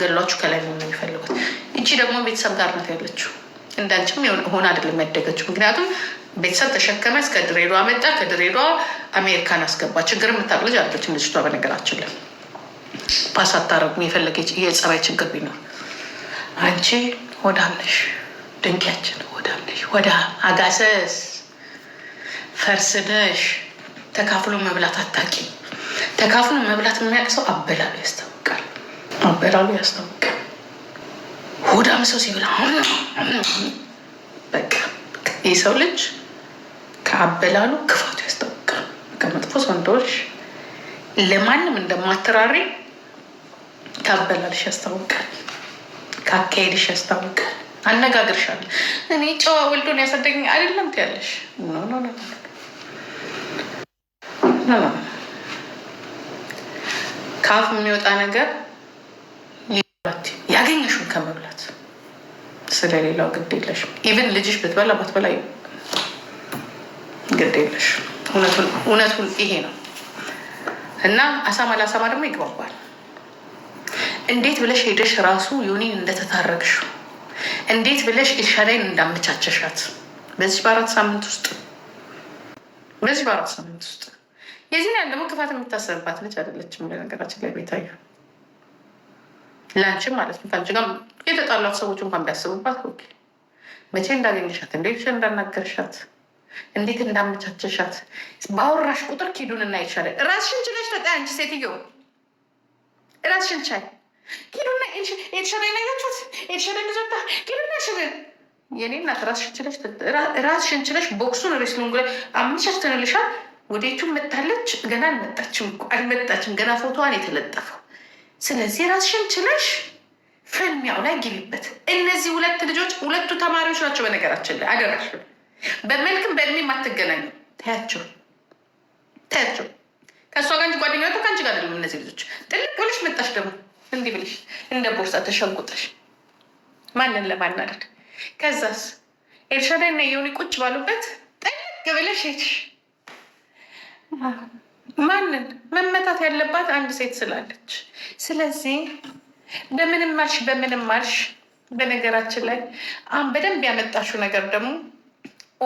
ገሏችሁ ከላይ መሆን የሚፈልጉት። እቺ ደግሞ ቤተሰብ ጋር ናት ያለችው። እንዳንችም ሆን አይደለም ያደገችው። ምክንያቱም ቤተሰብ ተሸከመ፣ እስከ ድሬዷ መጣ፣ ከድሬዷ አሜሪካን አስገባ። ችግር የምታውቅ ልጅ አለችም ልጅቷ። በነገራችን ላይ ፓስ አታረጉም። የፈለገ የጸባይ ችግር ቢኖር አንቺ ወዳምነሽ ድንቂያችን ወዳምነሽ ወዳ አጋሰስ ፈርስነሽ ተካፍሎ መብላት አታቂ ተካፍሎ መብላት የሚያቅሰው አበላሉ ያስተ አበላሉ ያስታውቃል። ሆዳም ሰው ሲበላ በቃ የሰው ልጅ ከአበላሉ ክፋቱ ያስታውቃል። በቃ መጥፎ ሰንዶች ለማንም እንደማትራሪ ከአበላልሽ ያስታውቃል። ከአካሄድሽ ያስታውቃል። አነጋግርሻለሁ እኔ ጨዋ ወልዶን ያሳደገኝ አይደለም ትያለሽ። ከአፍ የሚወጣ ነገር ያገኘሽውን ከመብላት ስለሌላው ግድ የለሽም። ኢቨን ልጅሽ ብትበላ ባትበላ ግድ የለሽ። እውነቱን ይሄ ነው እና አሳማ ለአሳማ ደግሞ ይግባባል። እንዴት ብለሽ ሄደሽ ራሱ ዩኒን እንደተታረግሽ እንዴት ብለሽ ኤልሻዳይን እንዳመቻቸሻት በዚህ በአራት ሳምንት ውስጥ በዚህ በአራት ሳምንት ውስጥ የዚህን ያህል ደግሞ ክፋት የምታሰብባት ልጅ አይደለችም። ለነገራችን ላይ ቤታዩ ለአንቺም ማለት ነው ከአንቺ ጋር የተጣላት ሰዎች እንኳን ቢያስቡባት ኦኬ መቼ እንዳገኘሻት እንዴት እንዳናገርሻት እንዴት እንዳመቻቸሻት በአወራሽ ቁጥር ኪዱን እና ይቻላል ራስሽን ችለሽ ተጣ አንቺ ሴትዮ ራስሽን ቻይ ኪዱና የተሻለ ነገችት የተሻለ ንዘታ ኪዱና ሽ የኔ እናት ራስሽን ችለሽ ቦክሱን ሬስሊንግ ላይ አመቻችተንልሻል። ወዴቱ መታለች? ገና አልመጣችም፣ አልመጣችም። ገና ፎቶዋን የተለጠፈው ስለዚህ ራስሽን ችለሽ ፍልሚያው ላይ ግቢበት። እነዚህ ሁለት ልጆች ሁለቱ ተማሪዎች ናቸው። በነገራችን ላይ አደራሽ በመልክም በእድሜ ማትገናኙ ታያቸው ታያቸው ከእሷ ጋር እንጂ ጓደኛ ከአንቺ ጋር አይደሉም እነዚህ ልጆች። ጥልቅ ብልሽ መጣሽ ደግሞ እንዲህ ብልሽ እንደ ቦርሳ ተሸንቁጠሽ ማንን ለማናደድ ከዛስ ኤልሻዳይ እና የሆኒ ቁጭ ባሉበት ጥልቅ ብለሽ ሄድሽ። ማንን መመታት ያለባት አንድ ሴት ስላለች። ስለዚህ በምንም ማርሽ በምንም ማርሽ በነገራችን ላይ በደንብ ያመጣችው ነገር ደግሞ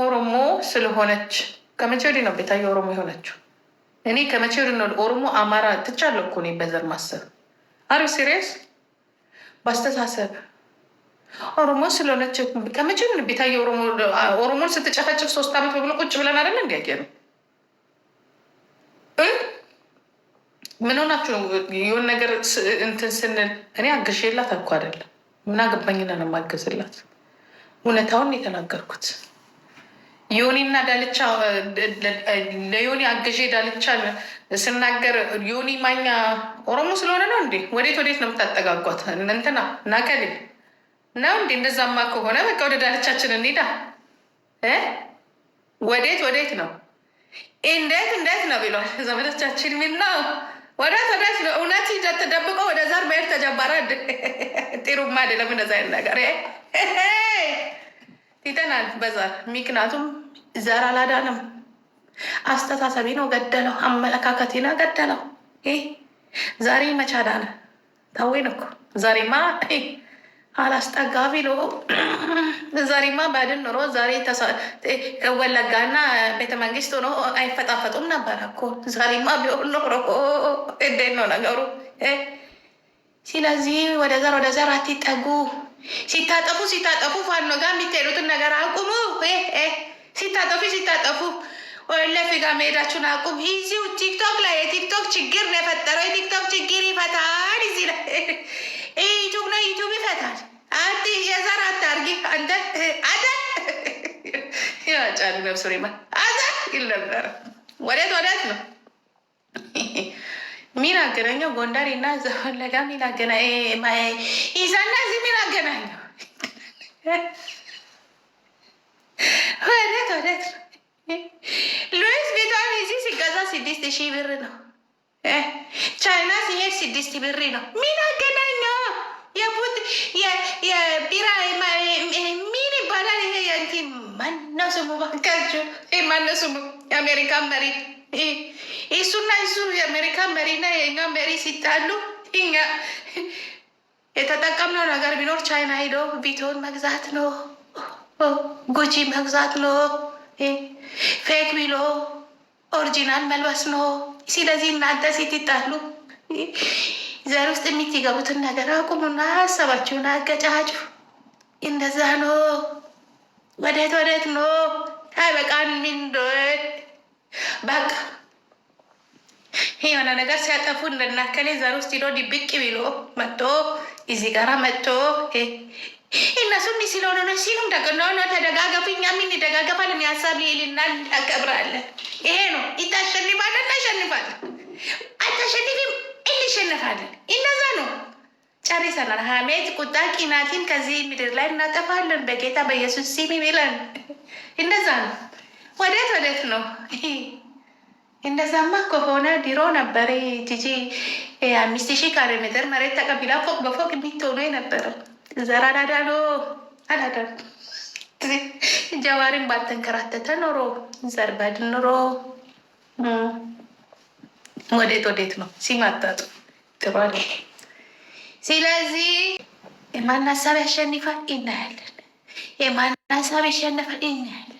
ኦሮሞ ስለሆነች ከመቼ ወዲህ ነው ቤታዬ ኦሮሞ የሆነችው? እኔ ከመቼ ወዲህ ነው ኦሮሞ አማራ ትቻለሁ እኮ እኔ በዘር ማሰብ አሪ ሲሪየስ በአስተሳሰብ ኦሮሞ ስለሆነች ከመቼ ቤታዬ ኦሮሞን ስትጨፈጭፍ ሶስት ዓመት በብሎ ቁጭ ብለን አይደለ እንዲያቄ ነው ምን ሆናችሁ ነው? ነገር እንትን ስንል እኔ አግዤላት እኮ አይደለም። ምን አገባኝና ነው የማገዝላት? እውነታውን የተናገርኩት ዮኒና ዳልቻ ለዮኒ አግዤ ዳልቻ ስናገር ዮኒ ማኛ ኦሮሞ ስለሆነ ነው እንዴ? ወዴት ወዴት ነው የምታጠጋጓት? እንትና ናከሌ ነው እንዴ? እንደዛማ ከሆነ በቃ ወደ ዳልቻችን እንሂዳ። ወዴት ወዴት ነው? እንዴት እንዴት ነው ቢሏል ዘመዶቻችን ሚል ነው ወዳ ተዳሽ ነው እውነት ተደብቆ ወደ ዛር መሄድ ተጀመረ። ጢሩማ አይደለም እንደዛ አይነት ነገር ይተናል በዛር። ምክንያቱም ዘር አላዳንም። አስተሳሰቢ ነው ገደለው፣ አመለካከቴ ነው ገደለው። ዛሬ መቻዳነ ታወይ ነኩ ዛሬማ አላስጠጋ ቢሎ ዛሬማ ባድን ኖሮ ዛሬ ወለጋና ቤተ መንግስት ሆኖ አይፈጣፈጡም ነበር እኮ። ዛሬማ ቢሆን ኖሮ እንዴት ነው ነገሩ? ስለዚህ ወደ ዘር ወደ ዘር አትጠጉ። ሲታጠፉ ሲታጠፉ ፋኖ ጋር የሚትሄዱትን ነገር አቁሙ። ሲታጠፉ ሲታጠፉ ወለፊ ጋር መሄዳችሁን አቁም። እዚሁ ቲክቶክ ላይ የቲክቶክ ችግር ነው የፈጠረው። የቲክቶክ ችግር ይፈታል እዚህ ላይ ዩቱብ ነው፣ ዩቱብ ይፈታል። አቲ የዘር አታርጊ አንተ አደ ያጫሉ ነብሱሪ ማ አዘ ይል ነበረ። ወደት ወዴት ነው ሚን አገናኘው ጎንደር እና ዘወለጋ ሚን አገና ይዛና እዚህ ሚን አገናኘው ወዴት ወደት ነው ሉዊስ ቤቷን እዚህ ሲገዛ ስድስት ሺህ ብር ነው። ቻይና ሲሄድ ስድስት ብር ነው። ሚን አገና የቢራ ሚን ይባላል ይሄ? የንቲ ማነው ስሙ? ባካችሁ ማነው ስሙ? የአሜሪካ መሪ እሱና እሱ የአሜሪካ መሪና የኛ መሪ ሲጣሉ እኛ የተጠቀምነው ነገር ቢኖር ቻይና ሄዶ ቢቶን መግዛት ነው፣ ጉጂ መግዛት ነው፣ ፌክ ቢሎ ኦሪጂናል መልበስ ነው። ስለዚህ እናንተ ስትጣሉ ዘር ውስጥ የሚገቡትን ነገር አቁሙና ሀሳባችሁን አገጫጩ። እንደዛ ነው። ወደት ወዴት ነው? አይበቃን ሚንዶ በቃ የሆነ ነገር ሲያጠፉ እንደናከሌ ዘር ውስጥ ሂዶ ድብቅ ቢሎ መጥቶ እዚ ጋራ መጥቶ እነሱ ሲል ሆነ ነው ሲሉም ደግነሆነ ተደጋገፉ፣ እኛም እንደጋገፋል። የሚያሳብ ይልና እናከብራለን። ይሄ ነው ይታሸንፋል፣ እናሸንፋለን። አታሸንፊም ኃይል ይሸነፋል። እንደዛ ነው። ጨርሰናል። ሀሜት ቁጣ፣ ቂናቲን ከዚህ ምድር ላይ እናጠፋለን በጌታ በኢየሱስ ስም ይላል። እንደዛ ነው። ወዴት ወዴት ነው? እንደዛማ ከሆነ ድሮ ነበረ ጂጂ አምስት ሺህ ካሬ ሜትር መሬት ተቀብላ ፎቅ በፎቅ የሚትሆኑ የነበረው። ዘር አዳዳሎ አዳዳ ጀዋሪን ባልተንከራተተ ኖሮ ዘር ባድን ኖሮ ወዴት ወዴት ነው ሲማታጡ ጥሩ ስለዚህ የማን ሀሳብ ያሸንፋል እናያለን። የማን ሀሳብ ያሸንፋል እናያለን።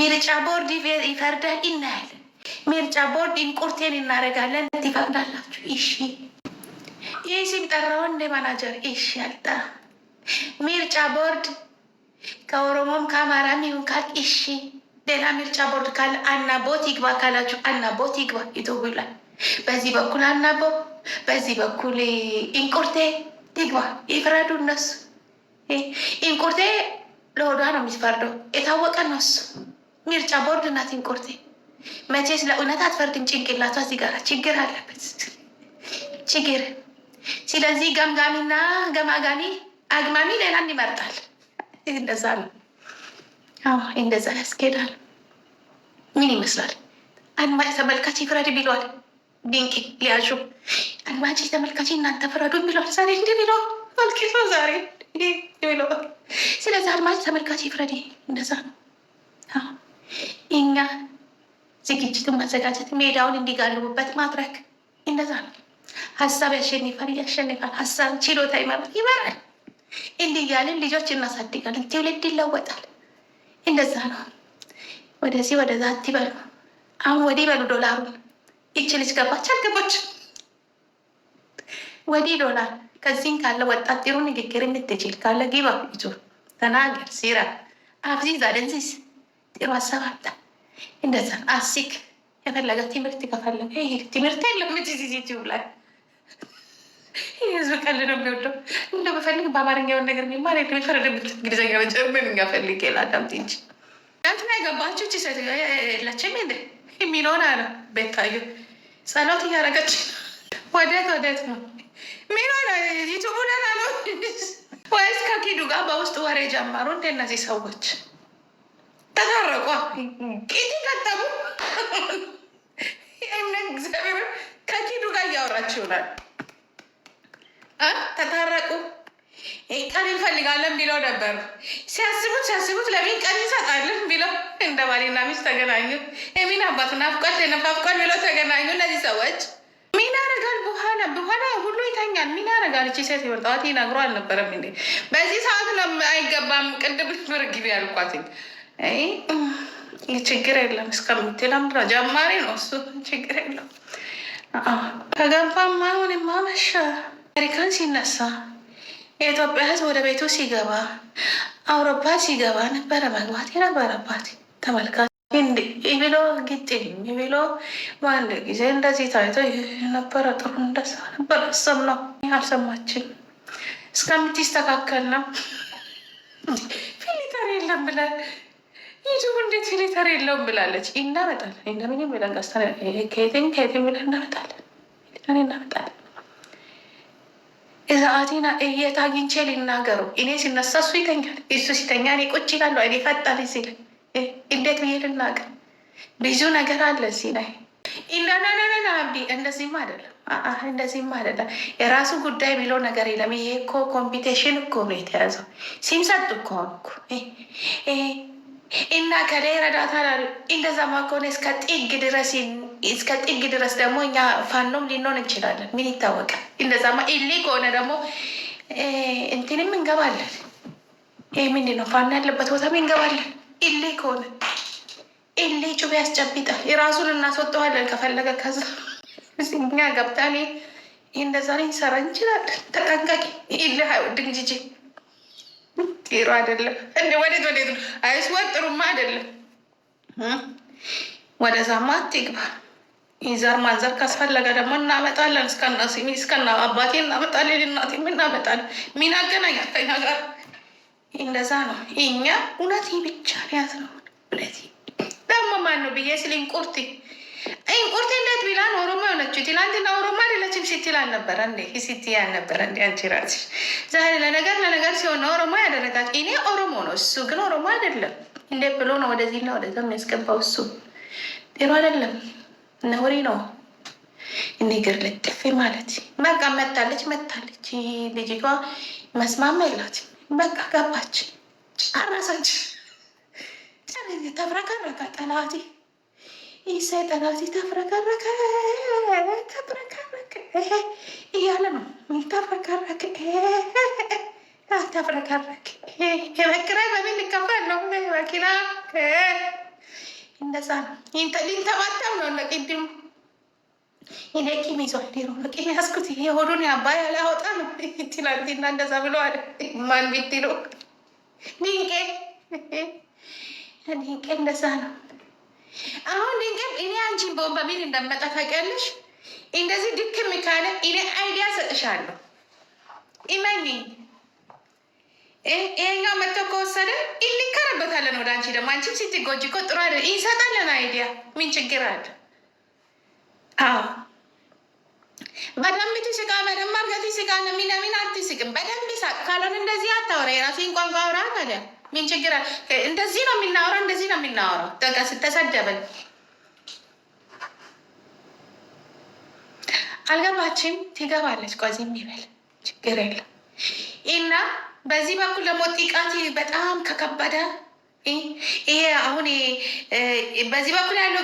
ምርጫ ቦርድ ይፈርዳል እናያለን። ምርጫ ቦርድ እንቁርቴን እናደርጋለን። ትፈቅዳላችሁ? እሺ። ይህ ስም ጠራው እንደ ማናጀር እሺ አልጣ ምርጫ ቦርድ ከኦሮሞም ከአማራም ይሁን ካል እሺ። ሌላ ምርጫ ቦርድ ካለ አናቦት ይግባ ካላችሁ አናቦት ይግባ ይቶ በዚህ በኩል አናበው በዚህ በኩል ኢንቁርቴ ትግባ። ይፍረዱ እነሱ። ኢንቁርቴ ለሆዷ ነው የምትፈርደው የታወቀ ነው እሱ። ምርጫ ቦርድ ናት ኢንቁርቴ። መቼስ ለእውነት አትፈርድም። ጭንቅላቷ እዚህ ጋር ችግር አለበት፣ ችግር። ስለዚህ ገምጋሚና ገማጋሚ አግማሚ ሌላን ይመርጣል። እንደዛ ነው። አዎ እንደዛ ያስኬዳል። ምን ይመስላል? አድማጭ ተመልካች ይፍረድ ቢሏል። ድንቄ ሊያሹ አድማጭ ተመልካች እናንተ ፍረዱ የሚለው ዛሬ እንዲ ሚለው አልኪሎ ዛሬ ሚለዋል። ስለዚህ አድማጭ ተመልካች ፍረድ። እንደዛ ነው እኛ ዝግጅቱን ማዘጋጀት፣ ሜዳውን እንዲጋልቡበት ማድረግ እንደዛ ነው። ሀሳብ ያሸንፋል፣ ያሸንፋል። ሀሳብ ችሎታ ይመራል፣ ይመራል። እንዲህ እያልን ልጆች እናሳድጋለን፣ ትውልድ ይለወጣል። እንደዛ ነው። ወደዚህ ወደዛ አትበሉ። አሁን ወዲህ በሉ ዶላሩን ይቺ ልጅ ገባች አልገባች ወዲህ ይሎናል። ከዚህም ካለ ወጣት ጥሩ ንግግር የምትችል ካለ ጊባ ፊቱ ተናገር፣ ሲራ አብዚ ዛደንዚስ ጥሩ ሀሳብ አምጣ፣ እንደዛ አሲክ የፈለገ ትምህርት ከፈለገ ይህ ትምህርት የለም ዩቲዩብ ላይ ህዝብ ቀል ነው የሚወደው። እንደ በፈልግ በአማርኛውን ነገር የሚማር የፈረደበት እንግሊዝኛ መጨመር ፈልግ ላዳምጥ እንጂ እንትና የገባችሁ ሴት የላችም እንደ የሚለውን አለ ቤታዩ ጸሎት እያረገች ወደት ወደት ነው ሚሆን ዩቱቡን አለ ወይስ ከኪዱ ጋር በውስጥ ወሬ ጀመሩ? እንደ እነዚህ ሰዎች ተታረቋ ቂቲ ከተሙ ከኪዱ ጋር እያወራች ይሆናል። ተታረቁ እንፈልጋለን ቢለው ነበር። ሲያስቡት ሲያስቡት ለሚን ቀን ይሰጣልን ቢለው እንደ ባሌና ሚስት ተገናኙ። የሚን አባት ናፍቋል፣ ተነፋፍቋል ቢለው ተገናኙ። እነዚህ ሰዎች ሚን ያደርጋል። በኋላ በኋላ ሁሉ ይተኛል። ሚን ያደርጋል። እቺ ሴት የወርጣዋት ይናግሮ አልነበረም እንዴ? በዚህ ሰዓት ነው አይገባም። ቅድም ብርግቢ ያልኳትኝ ችግር የለም እስከምትል አምራ ጀማሪ ነው እሱ። ችግር የለም ከገባም አሁን ማመሻ አሜሪካን ሲነሳ የኢትዮጵያ ሕዝብ ወደ ቤቱ ሲገባ አውሮፓ ሲገባ ነበረ መግባት የነበረባት ተመልካች ብሎ ግጥም ብሎ በአንድ ጊዜ እንደዚህ ታይቶ ነበረ። ጥሩ እንደሳ ነበር። ሰም ነው አልሰማችም። እስከምትስተካከል ነው። ፊሊተር የለም ብላ ዩቱብ እንዴት ፊሊተር የለውም ብላለች። እናመጣለን እንደምንም ብለን ከየትም ከየትም ብለን እናመጣለን እናመጣለን የሰዓቴና እየት አግኝቼ ሊናገረው? እኔ ሲነሳ እሱ ይተኛል፣ እሱ ሲተኛ እኔ ቁጭ ይላለሁ። እኔ ፈጣን ሲ ላይ እንዴት ብዬ ልናገር? ብዙ ነገር አለ ሲ ላይ ኢናናናና አብዲ እንደዚህም አይደለም፣ እንደዚህም አይደለም። የራሱ ጉዳይ ብሎ ነገር የለም። ይሄ እኮ ኮምፒቴሽን እኮ ነው የተያዘው። ሲምሰጥ እኮ ሆንኩ እና ከላይ ረዳታ እንደዛማ ከሆነ እስከ ጥግ ድረስ እስከ ጥግ ድረስ ደግሞ እኛ ፋኖም ሊኖን እንችላለን። ምን ይታወቃል? እንደዛማ ኢሊ ከሆነ ደግሞ እንትንም እንገባለን። ይህ ምንድን ነው? ፋኖ ያለበት ቦታም እንገባለን። ኢሊ ከሆነ ኢሊ ጩቤ ያስጨብጣል። የራሱን እናስወጠዋለን ከፈለገ ከዛ እኛ ገብታኔ ይህ እንደዛ ሰራ እንችላለን። ተጠንቀቂ። ኢሊ አይወድም ጂጂ ጤሩ አይደለም። ወዴት ወዴት ነው? አይስወጥሩማ አይደለም ወደዛማ ዛማ አትግባ። ይዘር ማንዘር ካስፈለገ ደግሞ እናመጣለን። እስከና አባቴ እናመጣለን፣ እናቴም እናመጣለን። ምን አገናኛል ከኛ ጋር? እንደዛ ነው። እኛ እውነት ብቻ ያዝ ነው። እውነት ደግሞ ማን ነው ብዬ ስል እንቁርቲ እንቁርቲ እንዴት ቢላን ኦሮሞ የሆነችው ትላንትና ኦሮሞ አይደለችም ስትል አልነበረ እንዴ? ስትይ አልነበረ እንዴ? አንቺ እራስሽ ዛሬ ለነገር ለነገር ሲሆን ኦሮሞ ያደረጋች እኔ ኦሮሞ ነው እሱ ግን ኦሮሞ አይደለም። እንዴት ብሎ ነው ወደዚህና ወደዛ የሚያስገባው? እሱ ጤሮ አይደለም ነውሪ ነው። ነገር ለጥፌ ማለት በቃ መታለች መታለች። ልጅቷ መስማማ የላት በቃ ገባች፣ ጨረሰች። ተፍረከረከ ጠላቴ፣ ይሳይ ጠላቴ ተፍረከረከ ተፍረከረከ እያለ ነው ተፍረከረከ ተብረከረከ መኪና በምን ልከፋል ነው መኪና እንደዛ ነው። ሊንተባተብ ነው። እንደ ቅድሙ እኔ ቂም ይዟል ዴሮ በቂም ያዝኩት የሆዱን አባይ አላወጣ ነው ትላንትና እንደዛ ብለዋል። ማን ቢትሎ ድንቄ ድንቄ እንደዛ ነው። አሁን ድንቄ እኔ አንቺን በወን በሚል እንደመጣ እንደዚህ ድክም ካለ እኔ አይዲያ ሰጥሻለሁ። ኢመኝ ይሄኛው መጥቶ ከወሰደ ይከረበታለን። ወደ አንቺ ደግሞ አንቺም ስትጎጂ እኮ ጥሩ አይደል? ይሰጣለን አይዲያ። ምን ችግር አለ? አዎ በደንብ ትስቃ፣ በደንብ አድርገህ ትስቃ። ለሚለሚን አትስቅም፣ በደንብ ይሳቅ። ካልሆነ እንደዚህ አታውራ፣ የራሴን ቋንቋ አውራ ታዲያ ምን ችግር አለ? እንደዚህ ነው የምናወራ፣ እንደዚህ ነው የምናወራው። በቃ ስተሰደበን አልገባችም፣ ትገባለች። ቋዚ የሚበል ችግር የለም እና በዚህ በኩል ደግሞ ጥቃት በጣም ከከበደ ይሄ አሁን በዚህ በኩል ያለው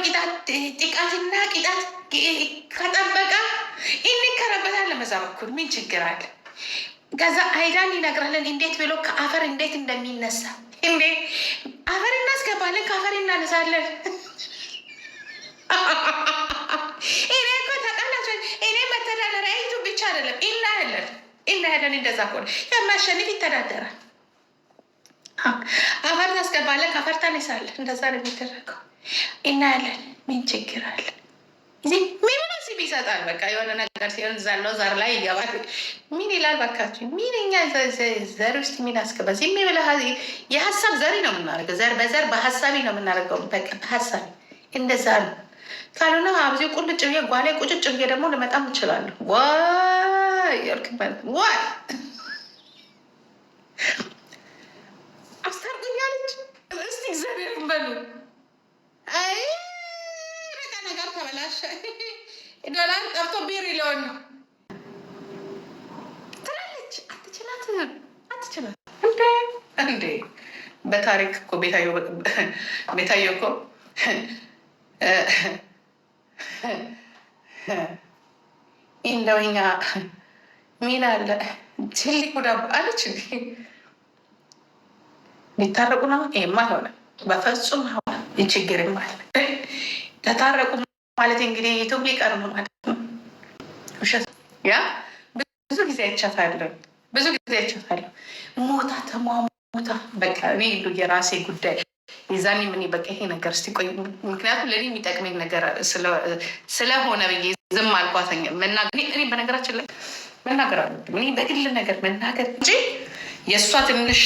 ጥቃትና ቅጣት ከጠበቀ ይንከረበታል። ለመዛ በኩል ምን ችግር አለ? ከዛ አይዳን ይነግራለን እንዴት ብሎ ከአፈር እንዴት እንደሚነሳ እንዴ አፈር እናስገባለን፣ ከአፈር እናነሳለን። እኔ እኮ ተቃላቸ እኔ መተዳደሪያ ብቻ አይደለም እናያለን ኢናሄደን እንደዛ ከሆነ የሚያሸንፍ ይተዳደራል። አፈር ታስገባለህ፣ ከአፈር ታነሳለህ። እንደዛ ነው የሚደረገው። እናያለን። ምን ችግር አለ? እዚህ ምንም ሲብ ይሰጣል። በቃ የሆነ ነገር ሲሆን ዛለው ዘር ላይ ይገባል። ምን ይላል? በካችሁ ምን እኛ ዘር ውስጥ ምን አስገባ? ዝም ብለህ የሀሳብ ዘሪ ነው የምናደርገው። ዘር በዘር በሀሳቢ ነው የምናደርገው። በቃ በሀሳቢ እንደዛ ነው። ካልሆነ አብዚ ቁልጭ ብዬ ጓላይ ቁጭጭ ብዬ ደግሞ ልመጣም እችላለሁ። ያልክበት ወይ አስታርቁኛለች። እስቲ እግዚአብሔር በሉ። አይ በቃ ነገር ተበላሸ። ዶላር ጠፍቶ ቢሪ ሊሆን ነው ትላለች። አትችላትም፣ አትችላት እንዴ እንዴ በታሪክ እኮ ቤታዮ ቤታዮ እኮ እንደው እኛ ሚና አለ ጀሊ ጉዳ አለች። ቢታረቁ ነው ይህማ ሆነ በፍጹም ችግር አለ። ተታረቁ ማለት እንግዲህ ዩቱብ ሊቀር ነው ማለት ነው። ያ ብዙ ጊዜ አይቻታለሁ፣ ብዙ ጊዜ አይቻታለሁ። ሞታ ተሟሞታ በቃ እኔ ሉ የራሴ ጉዳይ የዛኔ ምን በቃ ይሄ ነገር እስቲ ቆይ፣ ምክንያቱም ለእኔ የሚጠቅመኝ ነገር ስለሆነ ብዬ ዝም አልኳተኛ መናገር እኔ በነገራችን ላይ መናገር አለ። እኔ በግል ነገር መናገር እንጂ የእሷ ትንሽ